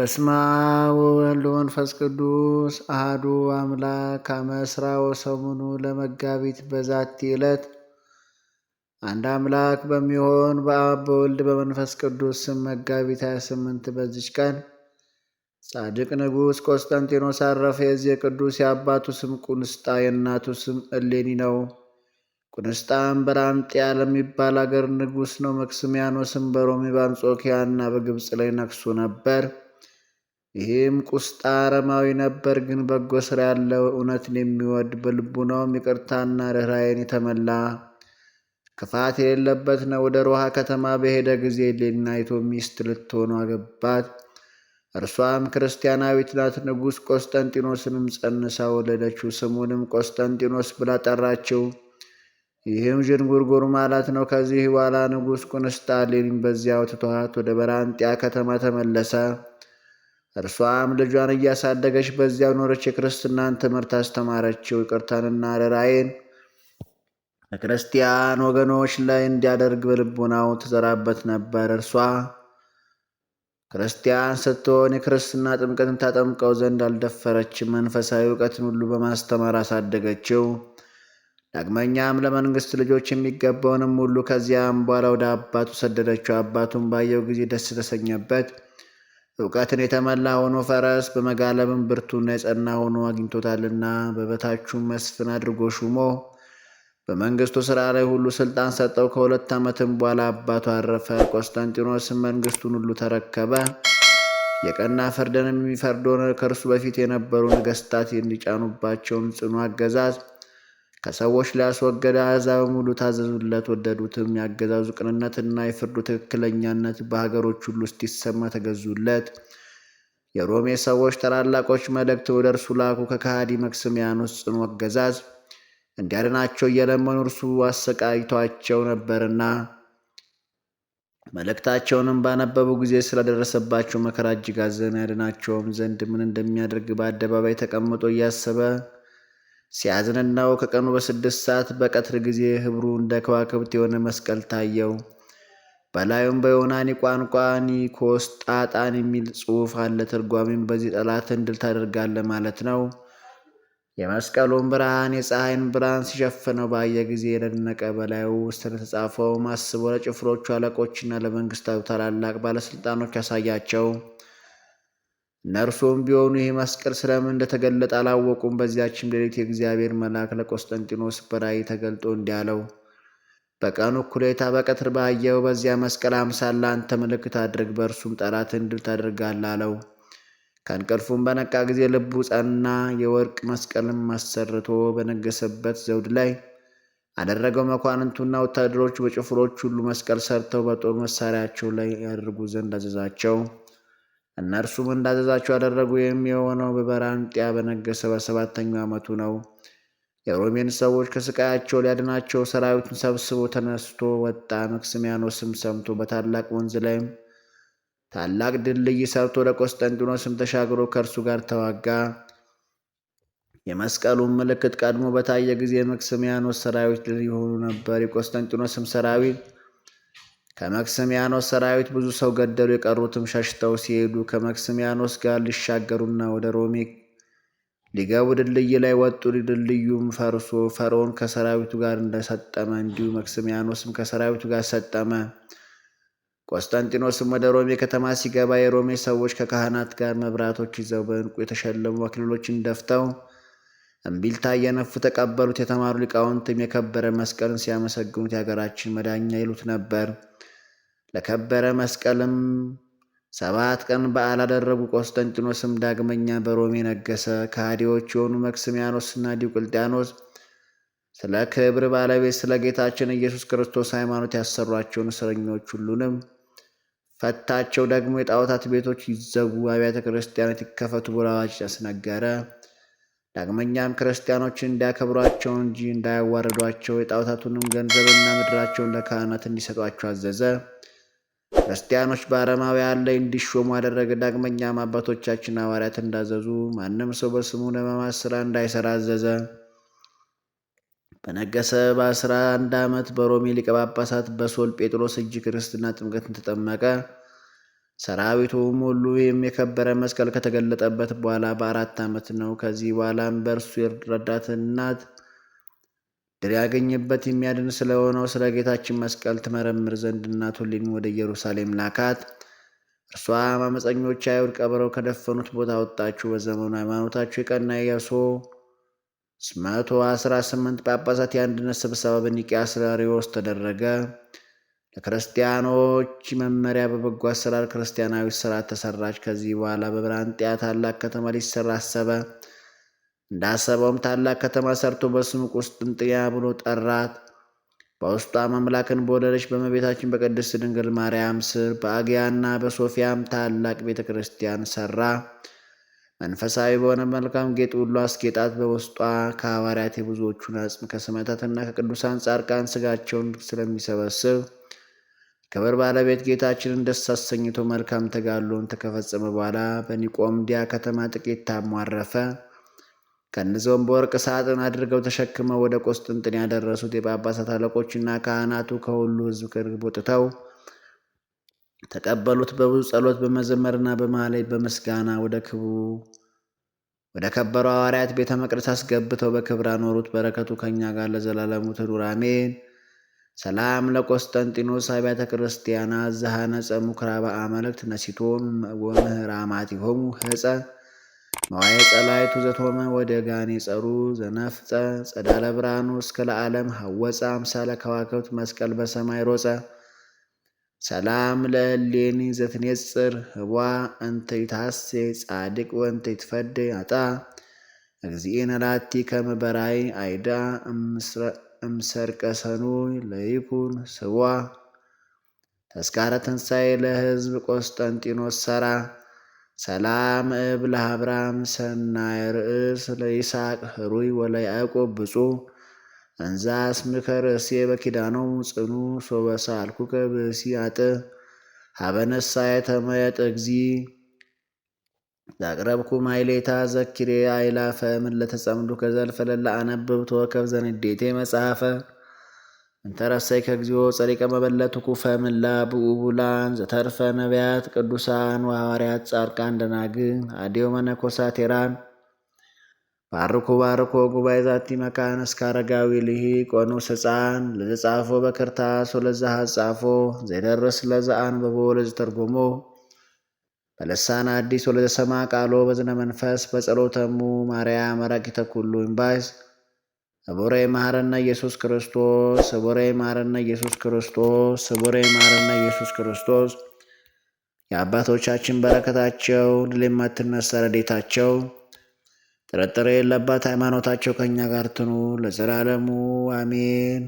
በስማ ወወልድ ወመንፈስ ቅዱስ አህዱ አምላክ አመስራ ወሰሙኑ ለመጋቢት በዛቲ ዕለት አንድ አምላክ በሚሆን በአብ በወልድ በመንፈስ ቅዱስ ስም መጋቢት 28 በዚች ቀን ጻድቅ ንጉሥ ቆስጠንጢኖስ አረፈ። የዚህ ቅዱስ የአባቱ ስም ቁንስጣ የእናቱ ስም እሌኒ ነው። ቁንስጣም በራንጥያ ለሚባል አገር ንጉሥ ነው። መክስሚያኖስም በሮሚ በአንጾኪያ እና በግብፅ ላይ ነግሶ ነበር። ይህም ቁስጣ አረማዊ ነበር፣ ግን በጎ ስራ ያለው እውነትን የሚወድ በልቡናውም ይቅርታና ርኅራኄን የተመላ ክፋት የሌለበት ነው። ወደ ሮሃ ከተማ በሄደ ጊዜ ሌናይቶ ሚስት ልትሆኑ አገባት። እርሷም ክርስቲያናዊት ናት። ንጉሥ ቆስጠንጢኖስንም ጸንሳ ወለደችው። ስሙንም ቆስጠንጢኖስ ብላ ጠራችው። ይህም ዥንጉርጉር ማለት ነው። ከዚህ በኋላ ንጉሥ ቁንስጣሊን በዚያው ትቷት ወደ በራንጢያ ከተማ ተመለሰ። እርሷም ልጇን እያሳደገች በዚያ ኖረች። የክርስትናን ትምህርት አስተማረችው። ይቅርታንና ርኅራኄን በክርስቲያን ወገኖች ላይ እንዲያደርግ በልቡናው ትዘራበት ነበር። እርሷ ክርስቲያን ስትሆን የክርስትና ጥምቀትን ታጠምቀው ዘንድ አልደፈረችም። መንፈሳዊ እውቀትን ሁሉ በማስተማር አሳደገችው። ዳግመኛም ለመንግስት ልጆች የሚገባውንም ሁሉ ከዚያም በኋላ ወደ አባቱ ሰደደችው። አባቱም ባየው ጊዜ ደስ ተሰኘበት። እውቀትን የተመላ ሆኖ ፈረስ በመጋለብም ብርቱና የጸና ሆኖ አግኝቶታልና በበታቹ መስፍን አድርጎ ሹሞ በመንግስቱ ስራ ላይ ሁሉ ስልጣን ሰጠው። ከሁለት ዓመትም በኋላ አባቱ አረፈ። ቆስጠንጢኖስም መንግስቱን ሁሉ ተረከበ። የቀና ፍርድንም የሚፈርደውን ከእርሱ በፊት የነበሩ ነገስታት እንዲጫኑባቸውን ጽኑ አገዛዝ ከሰዎች ሊያስወገደ አሕዛብም ሙሉ ታዘዙለት፣ ወደዱትም። ያገዛዙ ቅንነትና የፍርዱ ትክክለኛነት በሀገሮች ሁሉ ይሰማ፣ ተገዙለት። የሮሜ ሰዎች ታላላቆች መልእክት ወደ እርሱ ላኩ። ከከሃዲ መክስሚያኖስ ጽኑ አገዛዝ እንዲያድናቸው እየለመኑ እርሱ አሰቃይቷቸው ነበርና መልእክታቸውንም ባነበቡ ጊዜ ስለደረሰባቸው መከራ እጅግ አዘነ። ያድናቸውም ዘንድ ምን እንደሚያደርግ በአደባባይ ተቀምጦ እያሰበ ሲያዝንናው ከቀኑ በስድስት ሰዓት በቀትር ጊዜ ህብሩ እንደ ከዋክብት የሆነ መስቀል ታየው። በላዩም በዮናኒ ቋንቋ ኒኮስ ጣጣን የሚል ጽሑፍ አለ። ትርጓሜም በዚህ ጠላትን ድል ታደርጋለህ ማለት ነው። የመስቀሉን ብርሃን የፀሐይን ብርሃን ሲሸፍነው ባየ ጊዜ የደነቀ በላዩ ውስጥ ለተጻፈውም አስቦ ለጭፍሮቹ አለቆችና ለመንግስታቱ ታላላቅ ባለስልጣኖች ያሳያቸው። እነርሱም ቢሆኑ ይህ መስቀል ስለምን እንደተገለጠ አላወቁም። በዚያችም ሌሊት የእግዚአብሔር መልአክ ለቆስጠንጢኖስ በራእይ ተገልጦ እንዲያለው። በቀኑ እኩሌታ በቀትር ባየው በዚያ መስቀል አምሳል ለአንተ ምልክት አድርግ፣ በእርሱም ጠላትን ድል ታደርጋለህ አለው። ከእንቅልፉም በነቃ ጊዜ ልቡ ጸና። የወርቅ መስቀልም አሰርቶ በነገሰበት ዘውድ ላይ አደረገው። መኳንንቱና ወታደሮቹ በጭፍሮች ሁሉ መስቀል ሰርተው በጦር መሳሪያቸው ላይ ያደርጉ ዘንድ አዘዛቸው። እነርሱም እንዳዘዛቸው ያደረጉ። የሚሆነው የሆነው በነገሰ በሰባተኛው ዓመቱ ነው። የሮሜን ሰዎች ከስቃያቸው ሊያድናቸው ሰራዊቱን ሰብስቦ ተነስቶ ወጣ። መክስሚያኖስም ሰምቶ በታላቅ ወንዝ ላይም ታላቅ ድልድይ ሰርቶ ወደ ተሻግሮ ከእርሱ ጋር ተዋጋ። የመስቀሉን ምልክት ቀድሞ በታየ ጊዜ መክስሚያኖስ ሰራዊት ሊሆኑ ነበር። የቆስጠንጢኖስም ሰራዊት ከመክስሚያኖስ ሰራዊት ብዙ ሰው ገደሉ። የቀሩትም ሸሽተው ሲሄዱ ከመክስሚያኖስ ጋር ሊሻገሩና ወደ ሮሜ ሊገቡ ድልድይ ላይ ወጡ። ድልድዩም ፈርሶ ፈርዖን ከሰራዊቱ ጋር እንደሰጠመ እንዲሁ መክስሚያኖስም ከሰራዊቱ ጋር ሰጠመ። ቆስጠንጢኖስም ወደ ሮሜ ከተማ ሲገባ የሮሜ ሰዎች ከካህናት ጋር መብራቶች ይዘው በእንቁ የተሸለሙ አክሊሎችን ደፍተው እምቢልታ እየነፉ ተቀበሉት። የተማሩ ሊቃውንትም የከበረ መስቀልን ሲያመሰግኑት የሀገራችን መዳኛ ይሉት ነበር። ለከበረ መስቀልም ሰባት ቀን በዓል አደረጉ። ቆስጠንጢኖስም ዳግመኛ በሮሜ ነገሰ። ከሃዲዎች የሆኑ መክስሚያኖስና ዲዮቅልጥያኖስ ስለ ክብር ባለቤት ስለ ጌታችን ኢየሱስ ክርስቶስ ሃይማኖት ያሰሯቸውን እስረኞች ሁሉንም ፈታቸው። ደግሞ የጣዖታት ቤቶች ይዘጉ፣ አብያተ ክርስቲያናት ይከፈቱ ብሎ አዋጅ ያስነገረ። ዳግመኛም ክርስቲያኖችን እንዲያከብሯቸው እንጂ እንዳያዋርዷቸው የጣዖታቱንም ገንዘብና ምድራቸውን ለካህናት እንዲሰጧቸው አዘዘ። ክርስቲያኖች በአረማውያን ላይ እንዲሾሙ አደረገ። ዳግመኛም አባቶቻችን ሐዋርያት እንዳዘዙ ማንም ሰው በስሙ ለመማት ስራ እንዳይሰራ አዘዘ። በነገሰ በአስራ አንድ ዓመት በሮሜ ሊቀ ጳጳሳት በሶል ጴጥሮስ እጅ ክርስትና ጥምቀትን ተጠመቀ። ሰራዊቱም ሁሉ ይህም የከበረ መስቀል ከተገለጠበት በኋላ በአራት ዓመት ነው። ከዚህ በኋላም በእርሱ የረዳት እናት ድር ያገኝበት የሚያድን ስለሆነው ስለ ጌታችን መስቀል ትመረምር ዘንድ እናቱሊን ወደ ኢየሩሳሌም ላካት። እርሷም አመፀኞች አይሁድ ቀብረው ከደፈኑት ቦታ ወጣችሁ። በዘመኑ ሃይማኖታችሁ የቀና ኢያሱ መቶ አስራ ስምንት ጳጳሳት የአንድነት ስብሰባ በኒቅያ ስለ ተደረገ። ለክርስቲያኖች መመሪያ በበጎ አሰራር ክርስቲያናዊ ስርዓት ተሰራች። ከዚህ በኋላ በብራንጥያ ታላቅ ከተማ ሊሰራ አሰበ። እንዳሰበውም ታላቅ ከተማ ሰርቶ በስሙ ቁስጥንጥንያ ብሎ ጠራት። በውስጧም አምላክን በወለደች በመቤታችን በቅድስት ድንግል ማርያም ስር በአግያና በሶፊያም ታላቅ ቤተ ክርስቲያን ሰራ። መንፈሳዊ በሆነ መልካም ጌጥ ሁሉ አስጌጣት። በውስጧ ከሐዋርያት የብዙዎቹን አጽም ከሰማዕታትና ከቅዱሳን ጻድቃን ስጋቸውን ስለሚሰበስብ ክብር ባለቤት ጌታችንን ደስ አሰኝቶ መልካም ተጋድሎን ተከፈጸመ በኋላ በኒቆምዲያ ከተማ ጥቂት ታሟረፈ አረፈ። ከንዘውም በወርቅ ሳጥን አድርገው ተሸክመው ወደ ቆስጥንጥን ያደረሱት የጳጳሳት አለቆችና ካህናቱ ከሁሉ ሕዝብ ቅርብ ወጥተው ተቀበሉት። በብዙ ጸሎት በመዘመርና በማላይ በምስጋና ወደ ክቡ ወደ ከበሩ ሐዋርያት ቤተ መቅደስ አስገብተው በክብር አኖሩት። በረከቱ ከእኛ ጋር ለዘላለሙ ትኑር አሜን። ሰላም ለቆስጠንጢኖስ አብያተ ክርስቲያና ዘሐነጸ ምኵራበ አማልክት ነሲቶም ወምህራማቲሆሙ ህፀ መዋይ ጸላይቱ ዘቶመ ወደ ወደጋን የጸሩ ዘነፍፀ ጸዳለ ብርሃኑ እስከ ለዓለም ሐወፀ አምሳለ ከዋክብት መስቀል በሰማይ ሮፀ ሰላም ለእሌኒ ዘትኔጽር ህቧ እንተ ይትሐሴ ጻድቅ ወንተ ይትፈዴ አጣ እግዚእነ ላቲ ከመ በራይ አይዳ እምሰርቀሰኑ ለይኩን ስቧ ተስካረ ተንሳይ ለህዝብ ቆስጠንጢኖስ ሰራ ሰላም እብ ለአብርሃም ሰናይ ርእስ ለይስሐቅ ህሩይ ወለያዕቆብ ብፁ እንዛስ ምከር ርእሴ በኪዳኖም ጽኑ ሶበሳልኩከ ብእሲ አጥ ሀበነሳ የተመየጥ እግዚ ዛቅረብኩ ማይሌታ ዘኪሬ አይላፈ ምን ለተጸምዱ ከዘልፈለላ አነብብ ተወከብ ዘንዴቴ መጽሐፈ እንተረሰይ ከእግዚኦ ጸሪቀ መበለት ኩፈ ምላ ብኡቡላን ዘተርፈ ነቢያት ቅዱሳን ወሐዋርያት ጻድቃን ደናግን አዲዮ መነኮሳት ቴራን ባርኩ ባርኮ ጉባኤ ዛቲ መካን እስከ አረጋዊ ልሂ ቆኑ ስፃን ለዘጻፎ በክርታስ ወለዘሃጻፎ ዘይደረስ ለዘ አንብቦ ለዘተርጎሞ በልሳነ አዲስ ወለዘሰማ ቃሎ በዝነ መንፈስ በጸሎተሙ ማርያም አራቂተ ኩሉ እምባይስ ሰቦረ ማረና ኢየሱስ ክርስቶስ ሰቦረ ማረና ኢየሱስ ክርስቶስ ሰቦረ ማረና ኢየሱስ ክርስቶስ የአባቶቻችን በረከታቸው ድል የማትነሳ ረዴታቸው ጥርጥር የለባት ሃይማኖታቸው ከእኛ ጋር ትኑር ለዘላለሙ አሜን።